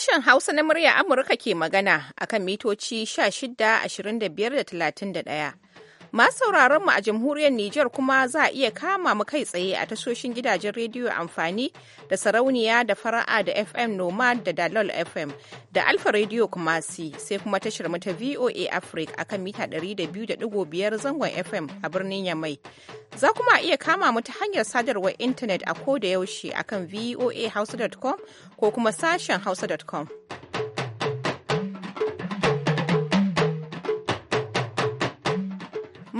Sashen Hausa na murya Amurka ke magana akan mitoci 16, 25 da 31. Masu sauraron mu a jamhuriyar Nijar kuma za a iya kama mu kai tsaye a tashoshin gidajen rediyo amfani da sarauniya da fara'a da FM Nomad da Dalol FM da Alfa Radio si sai kuma tashar mu ta VOA Africa akan mita 200.5 zangon FM a birnin Yamai. Za kuma iya kama mu ta hanyar sadarwar intanet a ko da yaushe akan voahausa.com ko kuma sashen hausa.com.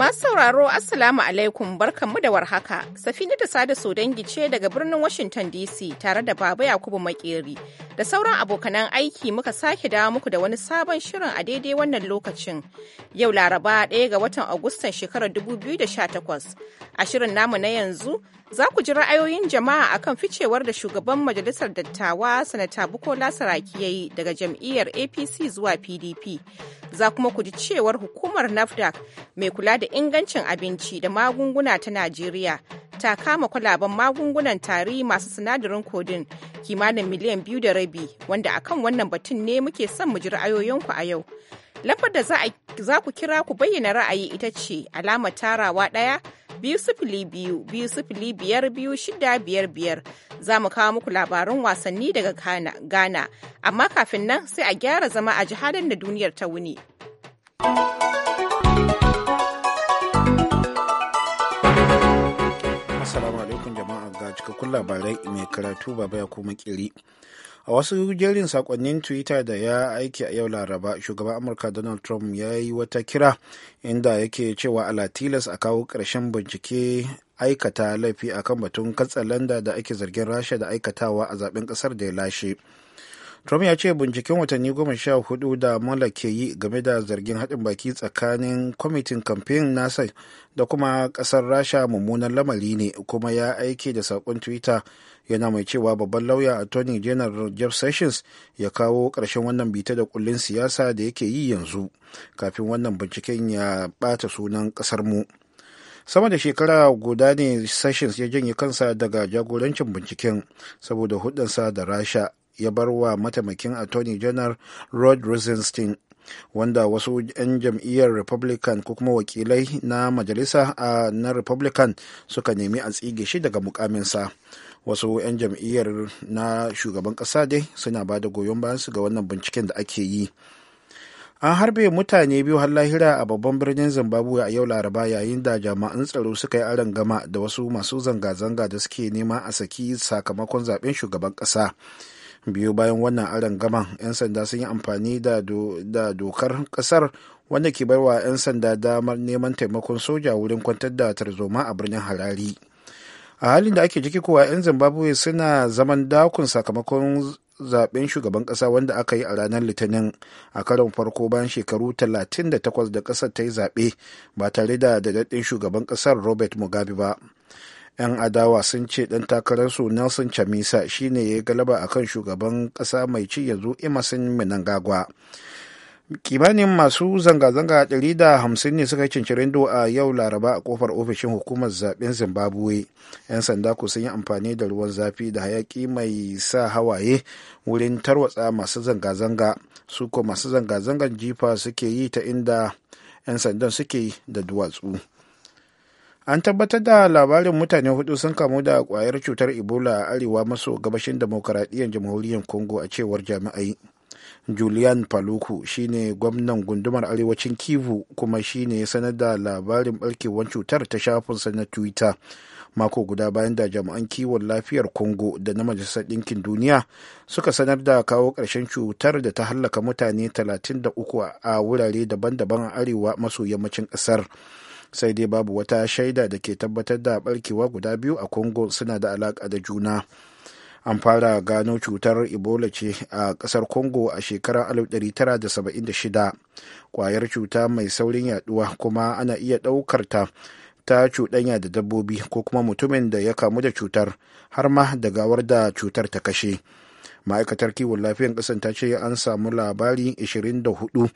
Masu sauraro Assalamu alaikum barkanmu da warhaka. Safina da Sada Sodangi ce daga birnin Washington DC tare da Baba Yakubu Makeri da sauran abokanan aiki muka sake dawo muku da wani sabon shirin a daidai wannan lokacin. Yau Laraba ɗaya ga watan Agustan shekarar 2018. A shirin namu na yanzu za ku ji ra'ayoyin jama'a akan ficewar da shugaban majalisar dattawa sanata Bukola Saraki ya daga jam'iyyar APC zuwa PDP. za kuma ku ji cewar hukumar nafdac mai kula da ingancin abinci da magunguna ta najeriya ta kama kwalaban magungunan tari masu sinadarin kodin kimanin miliyan biyu da rabi wanda akan wannan batun ne muke son mu ji ra'ayoyinku a yau Lambar da za ku kira ku bayyana ra'ayi ita ce alamar tarawa ɗaya biyu sifili biyu biyu sifili biyar biyu shida biyar biyar. Za mu kawo muku labarun wasanni daga Ghana, amma kafin nan sai a gyara zama a jihadin da duniyar ta wuni. Assalamu alaikum jama'a ga cikakkun labarai mai karatu baba ya kuma kiri. a wasu jerin sakonnin twitter da ya aiki a yau laraba shugaban amurka donald trump ya yi wata kira inda yake cewa ala tilas a kawo ƙarshen bincike aikata laifi akan batun katsalanda da ake zargin rasha da aikatawa a zaben ƙasar da ya lashe trump ya ce binciken watanni goma sha hudu da mueller ke yi game da zargin haɗin baki tsakanin kwamitin kamfen nasa da kuma ƙasar rasha mummunan lamari ne kuma ya aike da saƙon twitter yana mai cewa babban lauya attorney general jeff sessions ya kawo ƙarshen wannan bita da kullin siyasa da yake yi yanzu kafin wannan binciken ya ɓata sunan ƙasar mu sama da shekara guda ne sessions ya janye kansa daga jagorancin binciken saboda hudansa da rasha ya bar wa mataimakin attorney general rod rosenstein wanda wasu 'yan jam'iyyar republican ko kuma wakilai na majalisa na republican suka nemi a tsige shi daga mukaminsa wasu 'yan jam'iyyar na shugaban kasa dai suna ba da goyon bayan su ga wannan binciken da ake yi an harbe mutane biyu har lahira a babban birnin zimbabwe a yau laraba yayin da jami'an tsaro suka yi aron gama da wasu masu zanga-zanga da suke nema a saki sakamakon zaben shugaban ƙasa. biyu bayan wannan aron gaman 'yan sanda sun yi amfani da dokar kasar wanda ke barwa 'yan sanda damar neman taimakon soja wurin kwantar da tarzoma a birnin harari a halin da ake jiki kuwa 'yan zimbabwe suna zaman dakun sakamakon zaben shugaban kasa wanda aka yi a ranar litinin a karon farko bayan shekaru 38 da kasar ta yi zaɓe ba tare da daɗaɗɗen shugaban ƙasar robert mugabe ba 'yan adawa sun ce ɗan takararsu nelson chamisa shine ya galaba a kan shugaban ƙasa mai ci yanzu emerson gagwa. kimanin masu zanga-zanga 150 ne suka cinci rindo a yau laraba a kofar ofishin hukumar zaben zimbabwe 'yan sanda ku sun yi amfani da ruwan zafi da hayaki mai sa hawaye wurin tarwatsa masu zanga-zanga su ko masu zanga-zangar jifa suke yi ta inda 'yan sandan suke da duwatsu an tabbatar da labarin mutane hudu sun kamu da kwayar cutar ebola a arewa maso gabashin demokaradiyyar jamhuriyar congo a cewar jami'ai julian paluku shine gwamnan gundumar arewacin kivu kuma shine sanar da labarin barkewar cutar ta shafinsa na twitter mako guda bayan da jami'an kiwon lafiyar congo da na majalisar ɗinkin duniya suka sanar da kawo ƙarshen cutar da ta hallaka mutane 33 a wurare daban-daban a arewa maso yammacin ƙasar sai dai babu wata shaida da ke tabbatar da barkewa guda biyu a congo suna da alaka da juna an fara gano cutar ebola ce a kasar congo a shekarar 1976 kwayar cuta mai saurin yaduwa kuma ana iya ɗaukar ta ta cuɗanya da dabbobi ko kuma mutumin da ya kamu da cutar har ma da gawar da cutar ta kashe ma'aikatar kiwon lafiyan ƙasan ta ce an samu labari 24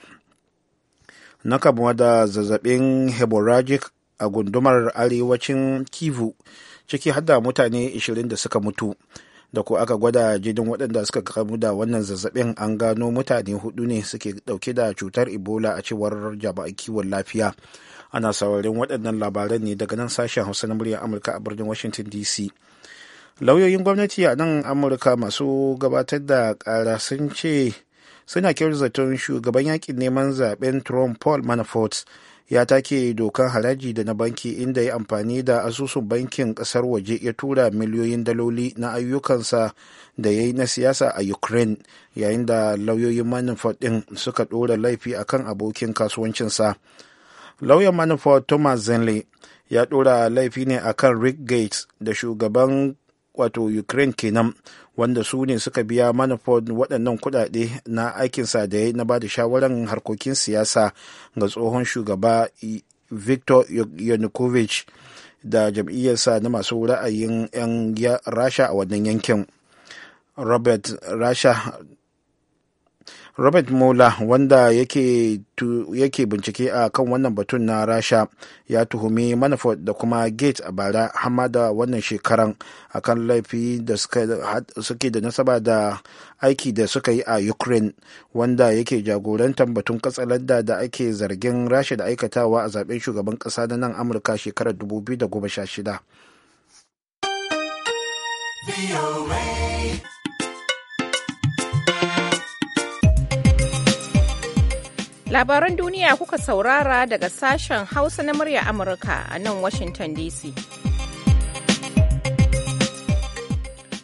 na kamuwa da zazzabin hemorrhagic a gundumar arewacin kivu ciki hada mutane 20 da suka mutu da ko aka gwada jinin waɗanda suka kamu da wannan zazzabin an gano mutane hudu ne suke ɗauke da cutar ebola a cewar jami'an kiwon lafiya ana saurin waɗannan labaran ne daga nan sashen hausa na muryar amurka a birnin washington dc lauyoyin gwamnati a nan amurka masu gabatar da ƙara sun ce suna kyauta zaton shugaban yakin neman zaben trump paul manafort ya take dokan haraji da na banki inda ya amfani da asusun bankin kasar waje ya tura miliyoyin daloli na ayyukansa da ya yi na siyasa a ukraine yayin da lauyoyin manafort din suka ɗora laifi akan abokin kasuwancinsa lauyan manafort thomas zenley ya dora laifi ne akan rick gates da shugaban wato ukraine kenan wanda su ne suka biya manafod waɗannan kuɗaɗe na aikinsa da ya na ba da shawarar harkokin siyasa ga tsohon shugaba victor yanukovych da jam'iyyarsa na masu ra'ayin 'yan rasha a wannan yankin robert rasha robert mueller wanda yake, bincike a kan wannan batun na rasha ya tuhumi manafort da kuma gate a bara hama da wannan shekaran akan laifi da suke da nasaba da aiki da suka yi a ukraine wanda yake jagorantar batun katsalanda da ake zargin rasha da aikatawa a zaben shugaban kasa na nan amurka shekarar 2016 Labaran duniya kuka saurara daga sashen Hausa na murya Amurka a nan Washington DC.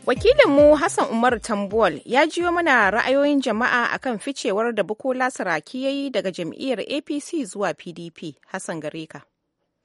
Wakilinmu Hassan Umar Tambuwal ya jiyo mana ra'ayoyin jama'a akan ficewar da Bukola Saraki ya yi daga jam'iyyar APC zuwa PDP. Hassan Gareka.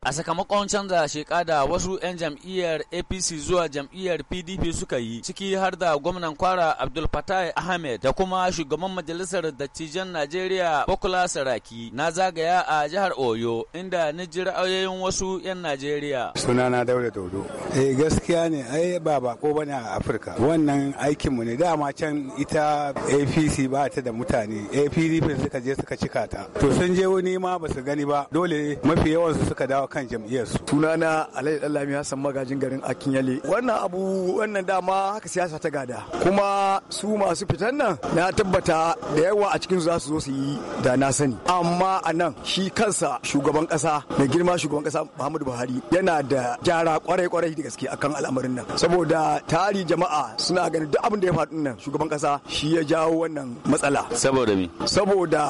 a sakamakon canza sheka da wasu 'yan jam'iyyar apc zuwa jam'iyyar pdp suka yi ciki har da gwamnan kwara abdul fatai ahmed da kuma shugaban majalisar dattijan najeriya bukula saraki na zagaya a jihar oyo inda ni ji ra'ayoyin wasu 'yan najeriya sunana daure dodo eh gaskiya ne ai ba bako bane a afirka wannan aikinmu ne dama can ita apc ba ta da mutane apdp suka je suka cika ta to sun je wani ma ba su gani ba dole mafi yawansu suka dawo kan jam'iyyarsu. Sunana Alhaji Dallami Hassan magajin garin Akinyale. Wannan abu wannan dama haka siyasa ta gada. Kuma su masu fitan nan na tabbata da yawa a cikin za su zo su yi da na sani. Amma a nan shi kansa shugaban kasa mai girma shugaban kasa Muhammadu Buhari yana da gyara kwarai kwarai da gaske akan al'amarin nan. Saboda tari jama'a suna ganin duk abin da ya faɗi nan shugaban kasa shi ya jawo wannan matsala. Saboda me? Saboda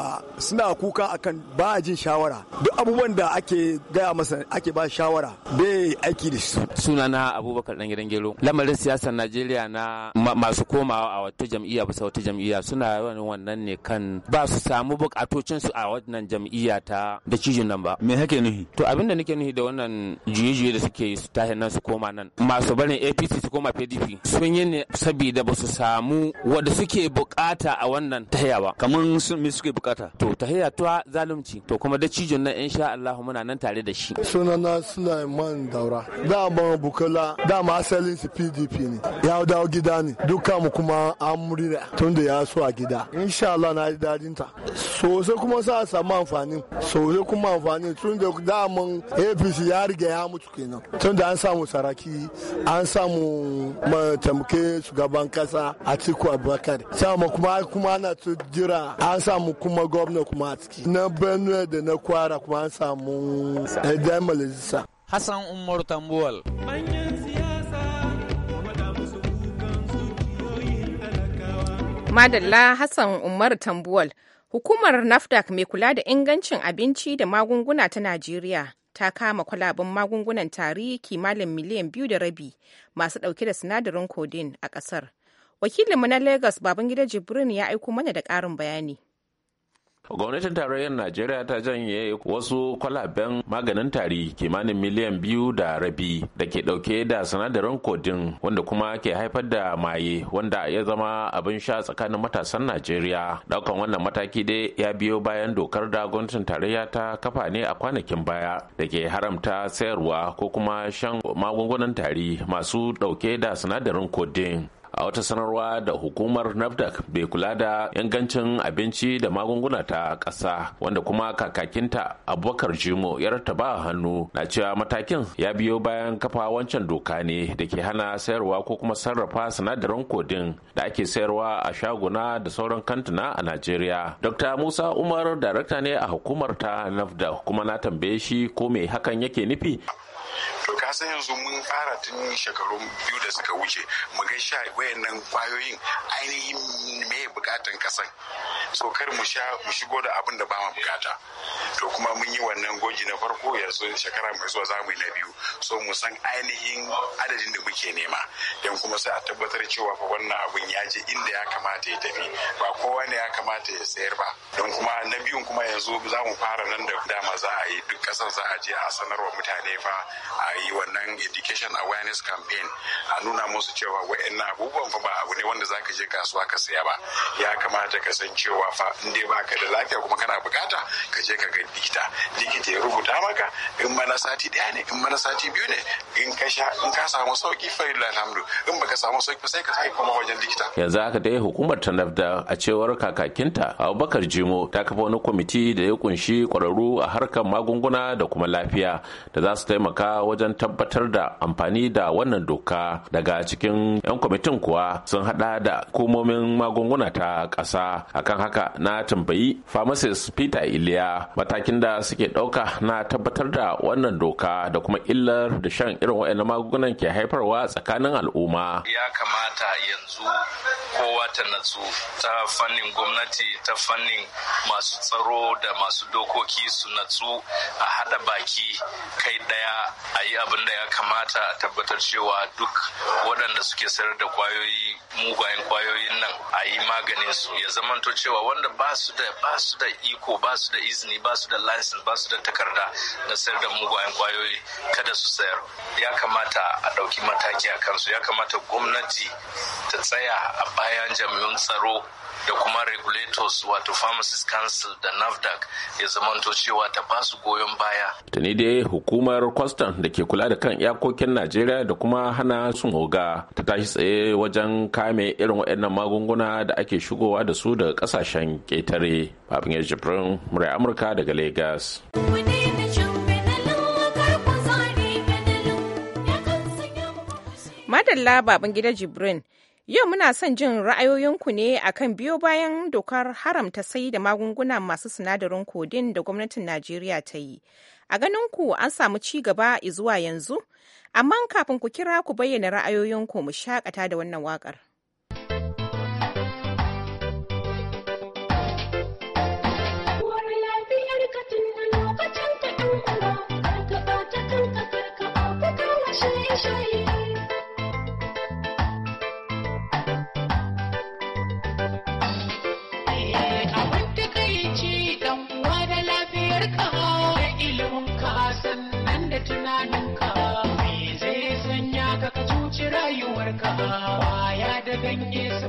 suna kuka akan ba jin shawara. Duk abubuwan da ake gaya masa ake ba shawara bai aiki da su. Sunana Abubakar dan gidan Gero. Lamarin siyasar Najeriya na masu komawa a wata jam'iyya ba wata jam'iyya suna yawan wannan ne kan ba su samu bukatocin su a wannan jam'iyya ta da cijin nan ba. Me hake nuhi? To abinda nake nuhi da wannan juye-juye da suke yi su tashi nan su koma nan. Masu barin APC su koma PDP sun yi ne saboda ba su samu wanda suke bukata a wannan tahiya ba. Kamar su me suke bukata? To tahiya ta zalunci to kuma da cijin nan insha Allah muna nan tare da shi. sunana Sulaiman Daura dama Bukola dama asalin su PDP ne ya dawo gida ne duka mu kuma an murira tun da ya so a gida insha Allah na ji dadin ta sosai kuma sa samu amfani sosai kuma amfani tun da daman APC ya riga ya mutu kenan tun da an samu saraki an samu tamke shugaban kasa a Atiku Abubakar sama kuma kuma ana jira an samu kuma gwamna kuma a ciki na Benue da na Kwara kuma an samu da majalisa hassan umar tambuwal madalla hassan umar tambuwal hukumar nafdac mai kula da ingancin abinci da magunguna ta najeriya ta kama kwalaben magungunan tari kimanin miliyan biyu da rabi masu ɗauke da sinadarin codeine a ƙasar. wakilinmu na lagos babangida jibrin ya aiko mana da ƙarin bayani gwamnatin tarayyar najeriya ta janye wasu kwalaben maganin tari kimanin miliyan biyu da rabi da ke dauke da sinadarin kodin wanda kuma ke haifar da maye wanda ya zama abin sha tsakanin matasan najeriya daukan wannan mataki dai ya biyo bayan dokar da gwamnatin tarayya ta kafa ne a kwanakin baya da ke haramta sayarwa ko kuma shan magungunan tari masu dauke da sinadarin kodin a wata sanarwa da hukumar nafdac bai kula da ingancin abinci da magunguna ta ƙasa wanda kuma kakakinta abubakar jimo ya rattaba hannu na cewa matakin ya biyo bayan kafa wancan doka ne da ke hana sayarwa ko kuma sarrafa sinadarin kodin da ake sayarwa a shaguna da sauran kantuna a najeriya dr musa umar darakta ne a hukumar ta nafdac kuma na tambaye shi ko me hakan yake nufi to ka san yanzu mun fara tun shekarun biyu da suka wuce mu ga sha wayannan kwayoyin ainihin me bukatan kasan so kar mu mu shigo da abin da ba mu bukata to kuma mun yi wannan goji na farko yanzu shekara mai zuwa za mu yi na biyu so mu san ainihin adadin da muke nema don kuma sai a tabbatar cewa fa wannan abun ya je inda ya kamata ya tafi ba kowa ne ya kamata ya sayar ba don kuma na biyun kuma yanzu za mu fara nan da dama za a yi duk kasar za a je a sanarwa mutane fa a yi wannan education awareness campaign a nuna musu cewa wa'annan abubuwan fa ba abu ne wanda za ka je kasuwa ka saya ba ya kamata ka san cewa fa in dai ba ka da lafiya kuma kana bukata ka je ka gani wurin likita likita ya rubuta maka in sati daya ne in sati biyu ne in ka sha in ka samu sauki fa alhamdu in baka samu sauki ba sai ka sai kuma wajen likita yanzu haka dai hukumar ta nafda a cewar kakakinta Abubakar Jimo ta kafa wani kwamiti da ya kunshi kwararru a harkar magunguna da kuma lafiya da za su taimaka wajen tabbatar da amfani da wannan doka daga cikin 'yan kwamitin kuwa sun hada da hukumomin magunguna ta ƙasa akan haka na tambayi pharmacist Peter Iliya matakin da suke ɗauka na tabbatar da wannan doka da kuma illar da shan irin waɗannan magungunan ke haifarwa tsakanin al'umma ya kamata yanzu kowa ta natsu ta fannin gwamnati ta fannin masu tsaro da masu dokoki su natsu a haɗa baki kai ɗaya a yi abin da ya kamata a tabbatar cewa duk waɗanda suke sayar da kwayoyi mugayen kwayoyin nan a yi maganin su ya zamanto cewa wanda ba su da iko ba su da izini ba su da license ba su da takarda na sayar da mugayen kwayoyi kada su sayar ya kamata a ɗauki mataki a kansu ya kamata gwamnati ta tsaya a bayan jami'un tsaro da kuma regulators wato pharmacies council da nafdac ya zamanto cewa ta ba su goyon baya tuni dai hukumar kwastam da ke kula da kan iyakokin najeriya da kuma hana sun hoga ta tashi tsaye wajen kame irin waɗannan magunguna da ake shigowa da su daga ƙasashen ƙetare babin ya jibrin murai amurka daga lagos madalla baban gida jibrin Yau muna son jin ra'ayoyinku ne akan biyo bayan dokar haramta sai da magunguna masu sinadarin kodin da gwamnatin Najeriya ta yi. A ganinku, an samu ci gaba zuwa yanzu, amma kafin ku kira ku bayyana ra'ayoyinku mu shakata da wannan waƙar.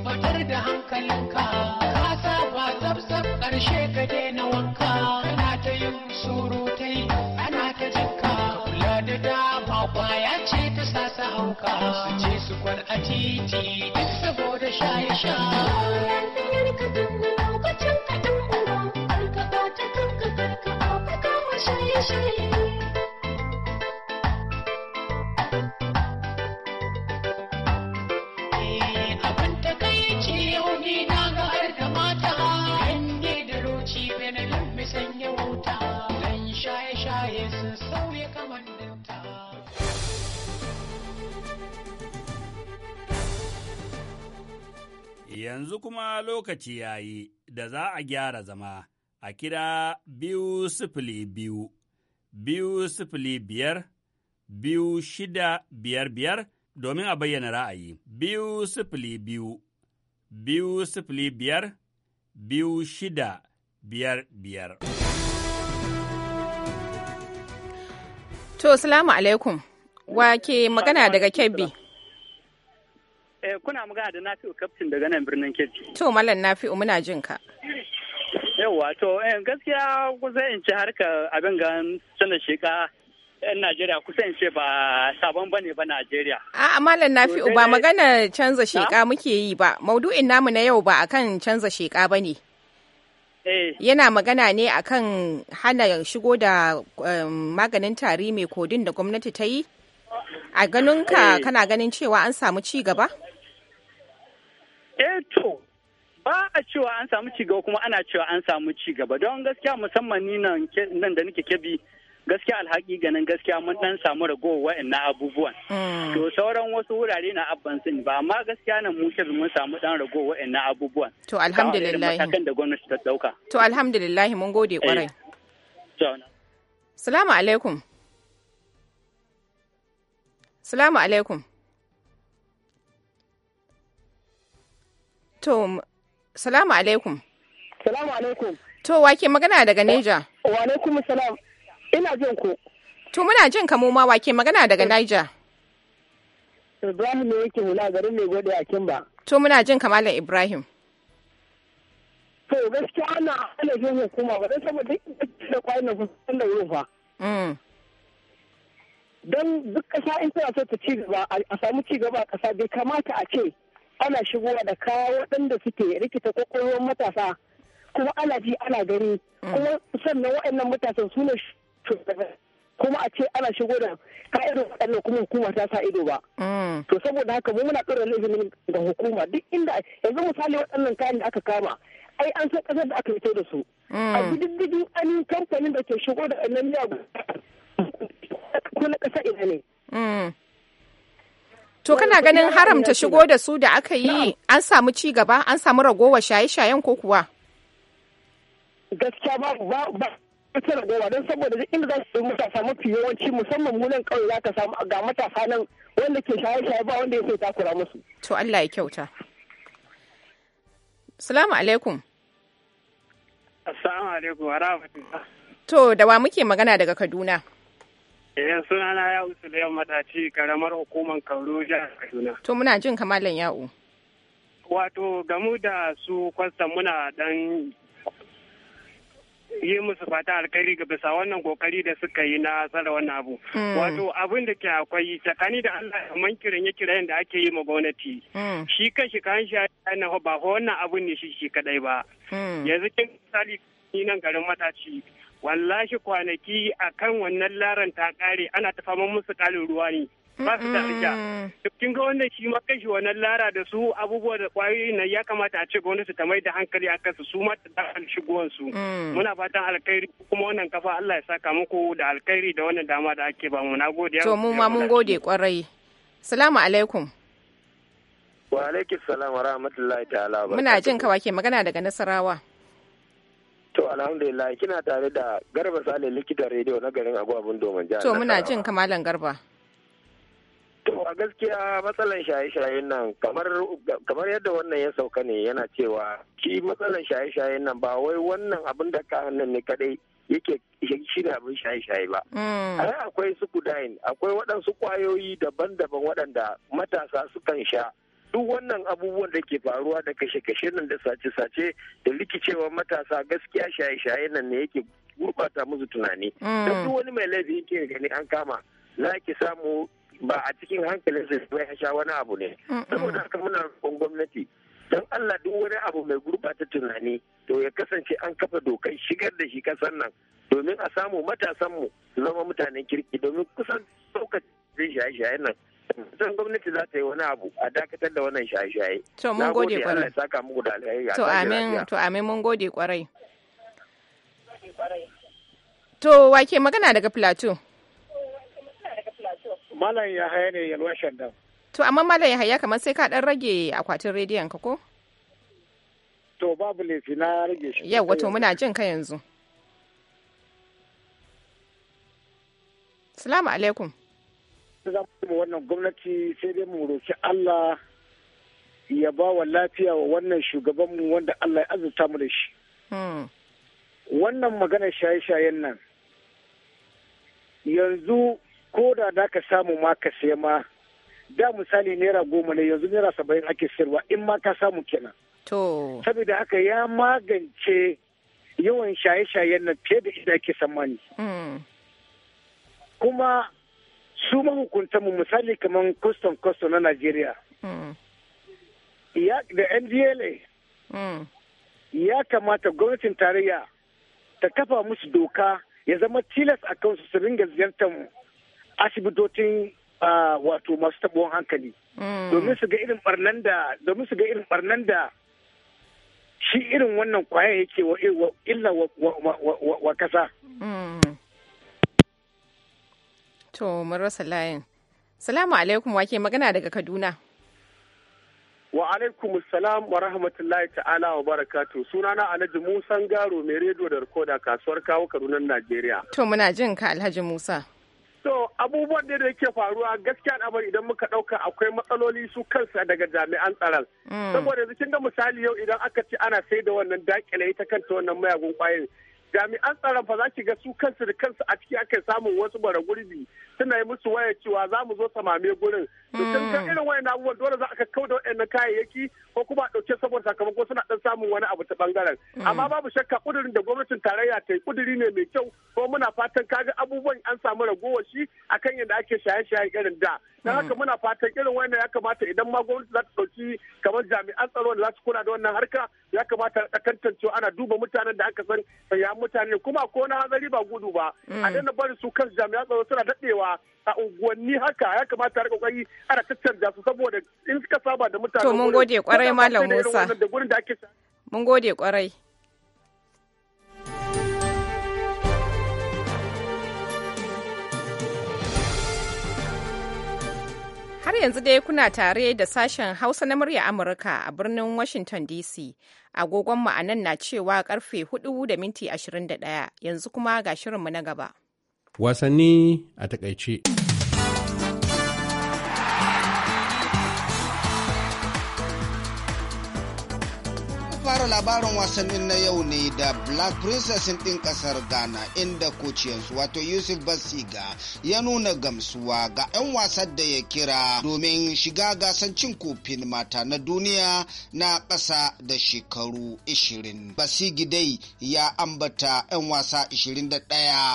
kwantar da hankalinka ka saba tsabtsab ƙarshe ka daina wanka ana ta yin surutai ana ta jinka kula da dama kwaya ce ta sa su hauka su ce su kwar a titi duk saboda shaye-shaye shaye-shaye Yanzu kuma lokaci ya yi da za a gyara zama a kira biyu sifili biyu, biyu sifili biyar, biyu shida biyar biyar domin a bayyana ra'ayi. Biyu sifili biyu, biyu sifili biyar, biyu shida biyar biyar. To, salamu alaikum, wa ke magana daga Kebbi? Eh, kuna magana da Nafi'u kaftin daga nan birnin kirki. To Malam Nafi'u muna jin ka. Yawwa to eh, gaskiya kusa in ce harka abin ga sanar sheka yan Najeriya kusa in ce ba sabon bane ba Najeriya. A'a Malam Nafi'u ba magana canza sheka muke yi ba. Maudu'in namu na yau ba akan canza sheka bane. Eh. yana magana ne akan hana shigo da maganin tari mai kodin da gwamnati ta yi a ganinka kana ganin cewa an samu ci gaba? e to ba a cewa an samu cigaba kuma ana cewa an samu cigaba don gaskiya musamman ni nan da nake kebi gaskiya alhaki ganin gaskiya mun dan samu ragowar na abubuwan mm. to sauran wasu wurare na abban sun ba amma gaskiya nan mu kebi mun samu dan ragowar na abubuwan to alhamdulillah da gwamnati ta dauka to alhamdulillah mun gode kwarai eh. salamu alaikum salamu alaikum To, salamu alaikum. Salamu alaikum. To, wake magana daga Neja. Wa alaikum salam. Ina jin ku. To, muna jin ka mu ma wake magana daga mm. Niger. Ibrahim ne yake hula garin mai gode a Kimba. To, muna jin ka Malam Ibrahim. To, gaskiya ana jin hukuma ba dan saboda da kwanan kusan da wurin mm dan duk kasa in tana so ta ci gaba a samu ci gaba kasa bai kamata a ce ana shigowa da kaya waɗanda suke rikita kwakwalwar matasa kuma ana ji ana gani mm. kuma sannan wa'annan matasan su ne kuma a ce ana shigo da irin waɗannan kuma hukuma ta sa ido ba. Mm. To saboda haka mu muna ɗora laifin ga hukuma duk inda yanzu misali waɗannan kayan da aka kama ai an san ƙasar da aka fito da su. Mm. A gidigidin an kamfanin da ke shigo da wannan miyagun kuma na ƙasa ina ne. To kana ganin haramta shigo da su da aka yi an samu ci gaba an samu ragowa shaye-shayen ko kuwa? Gaskiya ba ba ta ragowa don saboda duk inda za su matasa mafi yawanci musamman munan kawai za ka samu ga matasa nan wanda ke shaye-shaye ba wanda ya sai takura musu. To Allah ya kyauta. Salamu alaikum. Assalamu alaikum wa rahmatullah. To da wa muke magana daga Kaduna? na eh, sunana Ya'u Mataci karamar hukumar Kauru jihar Kaduna. To muna jin kamalan Ya'u. Wato gamu da su kwastan muna dan yi musu fata alkairi ga bisa wannan kokari da suka yi na tsara wannan abu. Mm. Wato abin da ke akwai tsakani da Allah kaman kiran ya kiran da ake yi ma gwamnati. Mm. Shi kan shi kan shi ba wannan abun ne shi shi kadai ba. Mm. Yanzu kin misali ni nan garin mataci wallahi kwanaki a kan wannan laran ta kare ana ta faman musu kalin ruwa ne ba su da rija kin ga wannan shi ma kashi wannan lara da su abubuwa da kwayoyi na ya kamata a ce gwamnati ta mai da hankali akan su su ma ta dakal shigowar su mm. muna fatan alkhairi kuma wannan kafa Allah ya saka muku da alkhairi da wannan dama da ake ba mu gode to mu ma mun gode kwarai salamu alaikum wa alaikum salam wa rahmatullahi ta'ala muna jin kawake magana daga nasarawa alhamdulillah kina tare da Garba Sale likitan rediyo na garin Agwabun Domin jihar. To muna jin kamalan Garba. To a gaskiya matsalan shaye-shayen nan kamar yadda wannan ya sauka ne yana cewa shi matsalan shaye shaye nan ba wai wannan abin da ka hannun ne kadai yake shi ne abin shaye-shaye ba. Mm. Ai akwai su kudain akwai waɗansu kwayoyi daban-daban waɗanda matasa sukan sha. duk wannan abubuwan da ke faruwa da kashe-kashe nan da sace-sace da rikicewa matasa gaskiya shaye-shaye nan ne yake gurbata musu tunani mm. don duk wani mai laifi yake gani an kama za ki samu ba a cikin hankalin sai ya sha wani abu ne saboda haka muna roƙon gwamnati don Allah duk wani abu mai gurbata tunani to ya kasance an kafa dokai shigar da shi kasar nan domin a samu matasanmu su zama mutanen kirki domin kusan zai shaye shaye nan san gwamnati za ta yi wani abu a dakatar da wannan shaye-shaye. To mun gode kwarai. Allah saka muku da To amin, to amin mun gode kwarai. To wake magana daga Plateau. Malam ya haya ne yalwa shandam. To amma Malam ya haya kamar sai ka dan rage akwatin rediyon ka ko? To babu laifi na rage shi. Yau wato muna jin ka yanzu. Salamu alaikum. za mu wannan gwamnati sai dai mu roki Allah ya ba wa lafiya wa wannan shugaban mu wanda Allah ya azurta mu da shi. Hmm. Wannan magana shaye-shayen nan yanzu ko da da ka samu ma ka sai ma da misali naira goma ne yanzu naira saba'in ake sayarwa in ma ka samu kenan. To. Saboda haka ya magance yawan shaye-shayen nan fiye da inda ake tsammani. Hmm. Kuma su mahukunta mu misali kamar custom custom na Najeriya. Mm. Da NDLA mm. ya kamata gwamnatin tarayya ta kafa musu doka ya zama tilas a kansu su ringa ziyartar asibitocin wato masu taɓuwan hankali. Mm. Domin su ga irin barnan da domin su ga irin barnan da shi irin wannan kwaya yake wa illa wa kasa. To, mun rasa layin. Salamu alaikum wake magana daga Kaduna. Wa alaikum salam wa rahmatullahi ta'ala wa barakatu. Sunana Alhaji Musa Garo mai rediyo da rikoda kasuwar kawo Kaduna Najeriya. To muna jin ka Alhaji Musa. So abubuwan da yake faruwa gaskiya abar idan muka ɗauka akwai matsaloli su kansa daga jami'an tsaron. Mm. Saboda yanzu kin ga misali yau idan aka ce ana sai da wannan dakile ita kanta wannan mayagun kwayoyin jami'an tsaron fa za ki ga su kansu da kansu a ciki aka samun wasu bara gurbi suna yi musu waya cewa za mu zo samame gurin to sun san hmm. irin wayan abubuwan dole za a kakkau da wayannan kayayyaki ko kuma a ɗauke saboda sakamako suna ɗan samun wani abu ta bangaren hmm. amma babu shakka kudurin da gwamnatin tarayya ta yi kuduri ne mai kyau ko muna fatan kaga abubuwan an samu ragowar shi akan yadda ake shaye-shaye irin da da haka muna fatan irin wannan ya kamata idan ma gwamnati za ta ɗauki kamar jami'an tsaro da za su kula da wannan harka ya kamata a tantancewa ana duba mutanen da aka san ya mutane kuma ko na hanzari ba gudu ba mm. a dana bari su kan jami'an tsaro suna daɗewa a unguwanni haka ya kamata a kokari ana tattanja su saboda in suka saba da mutane to mun gode kwarai malam Musa mun gode kwarai Har yanzu dai kuna tare da sashen Hausa na murya Amurka a birnin Washington DC. Agogon mu na cewa karfe 4 da minti 21 yanzu kuma ga shirinmu na gaba. Wasanni a takaice. fara labarin wasannin na yau ne da Black Princess ɗin ƙasar Ghana inda kociyarsu wato Yusuf Basiga ya nuna gamsuwa ga 'yan wasan da ya kira domin shiga gasan cin kofin mata na duniya na ƙasa da shekaru 20. Basigi dai ya ambata 'yan wasa 21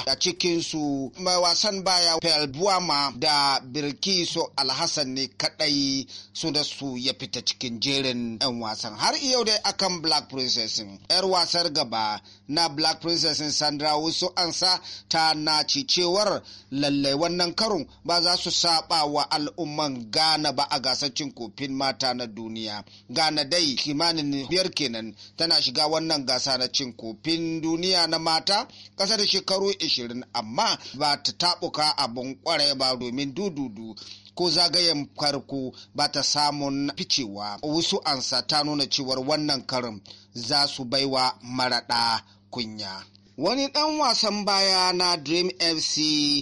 da cikinsu mai wasan baya Buama da Birkiso Alhassan ne kaɗai su da su ya fita cikin jerin 'yan wasan har yau dai akan Black black princess yar wasar gaba na black princess sandra wasu ansa ta naci cewar lallai wannan karon ba za su saba wa al'umman gana ba a gasar cin kofin mata na duniya ghana dai kimanin biyar kenan tana shiga wannan gasa na cin kofin duniya na mata ƙasa da shekaru 20 amma ba ta tabuka abin kwarai ba domin dududu ko zagayen farko ba ta samun ficewa wasu ansa ta nuna cewar wannan karin za su baiwa maraɗa kunya Wani ɗan wasan baya na Dream FC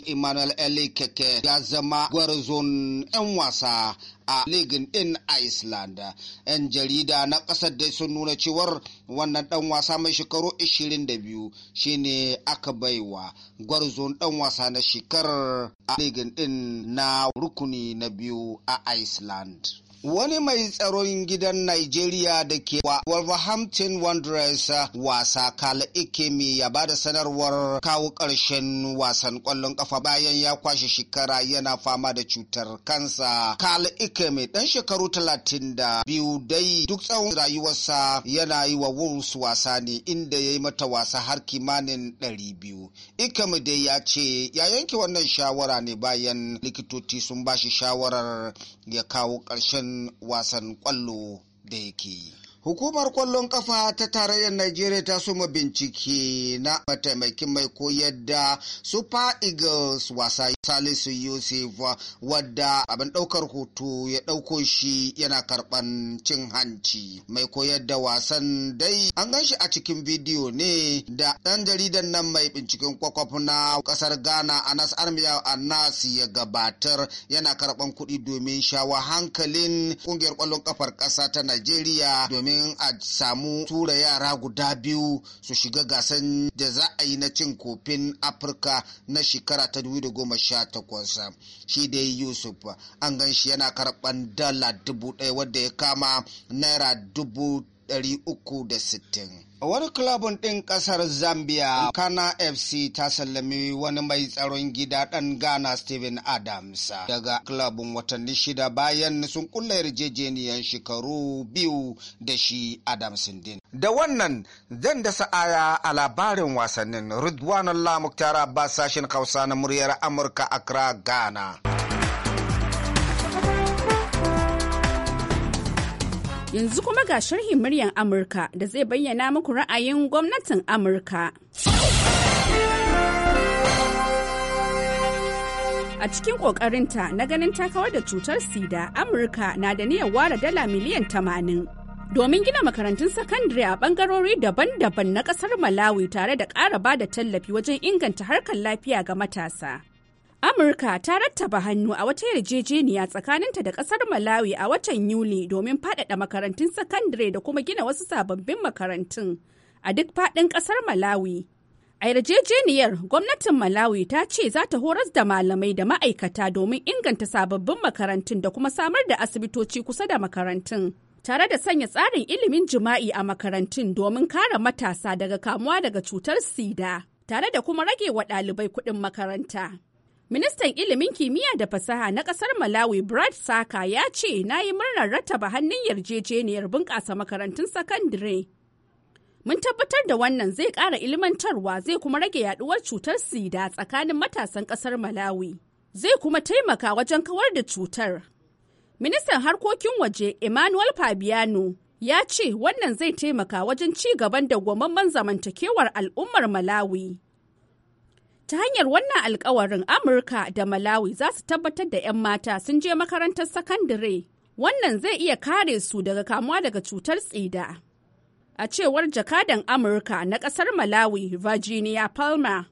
Emmanuel Elikeke ya zama gwarzon 'yan wasa a ligin din Iceland. 'Yan jarida na kasar dai sun nuna cewar wannan dan wasa mai shekaru 22 shine aka baiwa gwarzon dan wasa na shekarar a ligin din na rukuni na biyu a Iceland. Wani mai tsaron gidan Najeriya da ke wa Wolverhampton Wanderers wasa Kala Ikemi ya ba da sanarwar kawo ƙarshen wasan ƙwallon ƙafa bayan ya kwashe shekara yana fama da cutar kansa. Kala Ikemi ɗan shekaru talatin da biyu dai duk tsawon rayuwarsa yana yi wa Wolves wasa ne inda ya yi mata wasa har kimanin ɗari biyu. Ikemi dai ya ce ya yanke wannan shawara ne bayan likitoci sun ba shi shawarar ya kawo ƙarshen wasan kwallo da yake yi. Hukumar kwallon kafa ta tarayyar Najeriya ta soma bincike na mataimakin mai koyar da Super Eagles wasa Salisu Yusuf wadda abin ɗaukar hoto ya ɗauko shi yana karɓan cin hanci. Mai koyar da wasan dai an gan shi a cikin bidiyo ne da ɗan jaridan nan mai binciken kwakwaf na ƙasar Ghana Anas Armiya Anas ya gabatar yana karɓar kuɗi domin shawa hankalin ƙungiyar kwallon kafar ƙasa ta Najeriya domin domin a samu tura yara guda biyu su shiga gasan da za a yi na cin kofin afirka na shekara ta 2018 shi dai yusuf an gan shi yana karban dala dubu ɗaya wadda ya kama naira dubu 360. Wani kulabun ɗin ƙasar Zambia, Kana FC ta sallami wani mai tsaron gida ɗan Ghana Steven Adams daga kulabun watanni shida bayan sun kulla yarjejeniyar shekaru biyu da shi Adams din. Da wannan zan da sa'aya a labarin wasannin Ridwan Allah sashen Hausa na muryar Amurka Accra, Ghana. Yanzu kuma ga sharhin muryan Amurka da zai bayyana muku ra'ayin gwamnatin Amurka. A cikin ƙoƙarinta na ganin ta da cutar sida, Amurka na da niyyar ware dala miliyan tamanin. domin gina makarantun sakandare a bangarori daban-daban na ƙasar Malawi tare da ƙara ba da tallafi wajen inganta harkar lafiya ga matasa. Amurka ta rattaba hannu a wata yarjejeniya tsakaninta da kasar Malawi a watan Yuli domin faɗaɗa makarantun sakandare da kuma gina wasu sababbin makarantun a duk faɗin kasar Malawi. A yarjejeniyar gwamnatin Malawi ta ce za ta horas da malamai da ma'aikata domin inganta sababbin makarantun da kuma samar da asibitoci kusa da makarantun. Tare da sanya tsarin ilimin jima'i a makarantun domin kare matasa daga kamuwa daga cutar sida, tare da kuma rage wa ɗalibai kuɗin makaranta. Ministan ilimin kimiyya da fasaha na ƙasar Malawi Brad Saka ya ce na yi murnar rattaba hannun yarjejeniyar bunƙasa makarantun sakandare. Mun tabbatar da wannan zai ƙara ilmantarwa zai kuma rage yaduwar cutar sida tsakanin matasan ƙasar Malawi. Zai kuma taimaka wajen kawar da cutar. Ministan harkokin waje Emmanuel Fabiano ya ce wannan zai taimaka wajen ci gaban da zamantakewar al'ummar Malawi. Ta hanyar wannan alkawarin Amurka da Malawi za su tabbatar da 'yan mata sun je makarantar sakandare. Wannan zai iya kare su daga kamuwa daga cutar tsida. A cewar jakadan Amurka na kasar Malawi, Virginia Palmer.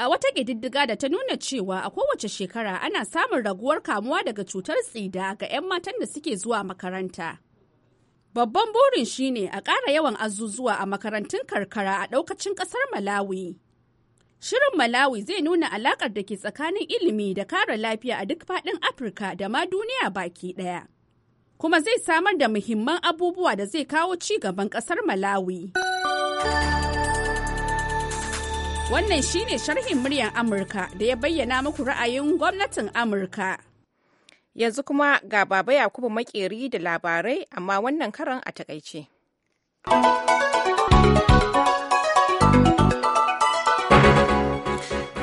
A wata ƙididdiga da ta nuna cewa a kowace shekara ana samun raguwar kamuwa daga cutar tsida ga 'yan matan da suke zuwa makaranta. Babban burin shine a ƙara yawan azuzuwa a makarantun karkara a ɗaukacin ƙasar Malawi. Shirin Malawi zai nuna alakar da ke tsakanin ilimi da kare lafiya a duk faɗin Afirka da ma duniya baki ɗaya. Kuma zai samar da muhimman abubuwa da zai kawo ci gaban ƙasar Malawi. Wannan shine sharhin muryar Amurka da ya bayyana muku ra'ayin gwamnatin Amurka. Yanzu kuma ga Baba Yakubu Makeri da labarai amma wannan karan a takaice.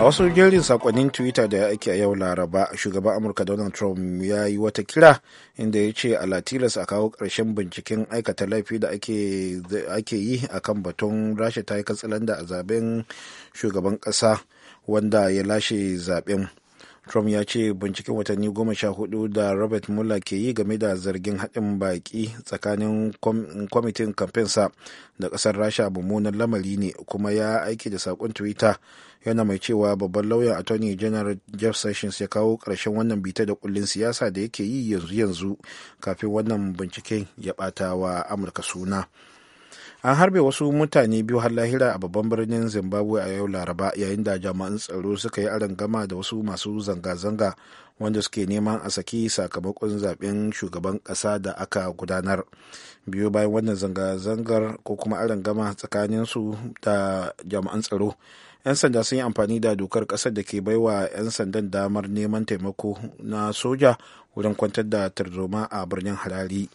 a wasu jerin sakonnin twitter da ya ake a yau laraba shugaban amurka donald trump ya yi wata kira inda ya ce a latilas a kawo ƙarshen binciken aikata laifi da ake yi a kan batun rasha ta yi katsalanda a zaben shugaban ƙasa wanda ya lashe zaben trump ya ce binciken watanni goma sha hudu da robert muller ke yi game da zargin haɗin baƙi tsakanin kwamitin kamfensa da ƙasar rasha mummunan lamari ne kuma ya aiki da saƙon twitter yana mai cewa babban lauyan attorney general jeff sessions ya kawo ƙarshen wannan bita da kullin siyasa da yake yi yanzu yanzu kafin wannan binciken ya bata wa amurka suna an harbe wasu mutane biyu har lahira a babban birnin zimbabwe a yau laraba yayin da jami'an tsaro suka yi gama da wasu masu zanga-zanga wanda suke neman a saki sakamakon zaben shugaban kasa da aka gudanar biyu bayan wannan zanga-zangar ko kuma tsakanin su da jami'an tsaro 'yan sanda sun yi amfani da dokar kasar da ke baiwa 'yan sandan damar neman taimako na soja wurin kwantar da tarzoma a birnin harari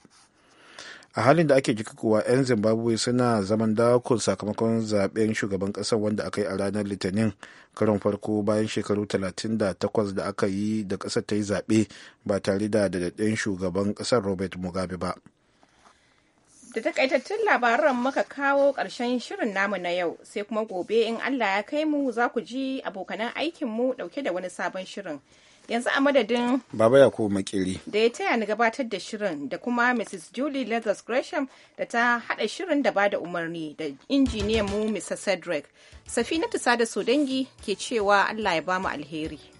a halin da ake jikakuwa 'yan zimbabwe suna zaman dakon sakamakon zaben shugaban ƙasar wanda aka yi a ranar litinin karon farko bayan shekaru 38 da aka yi da ƙasar ta yi zaɓe ba tare da dadaɗen shugaban ƙasar robert mugabe ba Da takaitattun labaran muka kawo ƙarshen shirin namu na yau sai kuma gobe in Allah ya kai mu za ku ji abokanan aikinmu ɗauke da wani sabon shirin. Yanzu a madadin Baba Yakubu Makiri da ya taya ni gabatar da shirin da kuma Mrs. Julie Leathers Gresham da ta haɗa shirin da bada umarni da injiniyan mu Mr. Cedric. Safinatu Sada Sodangi ke cewa Allah ya bamu alheri.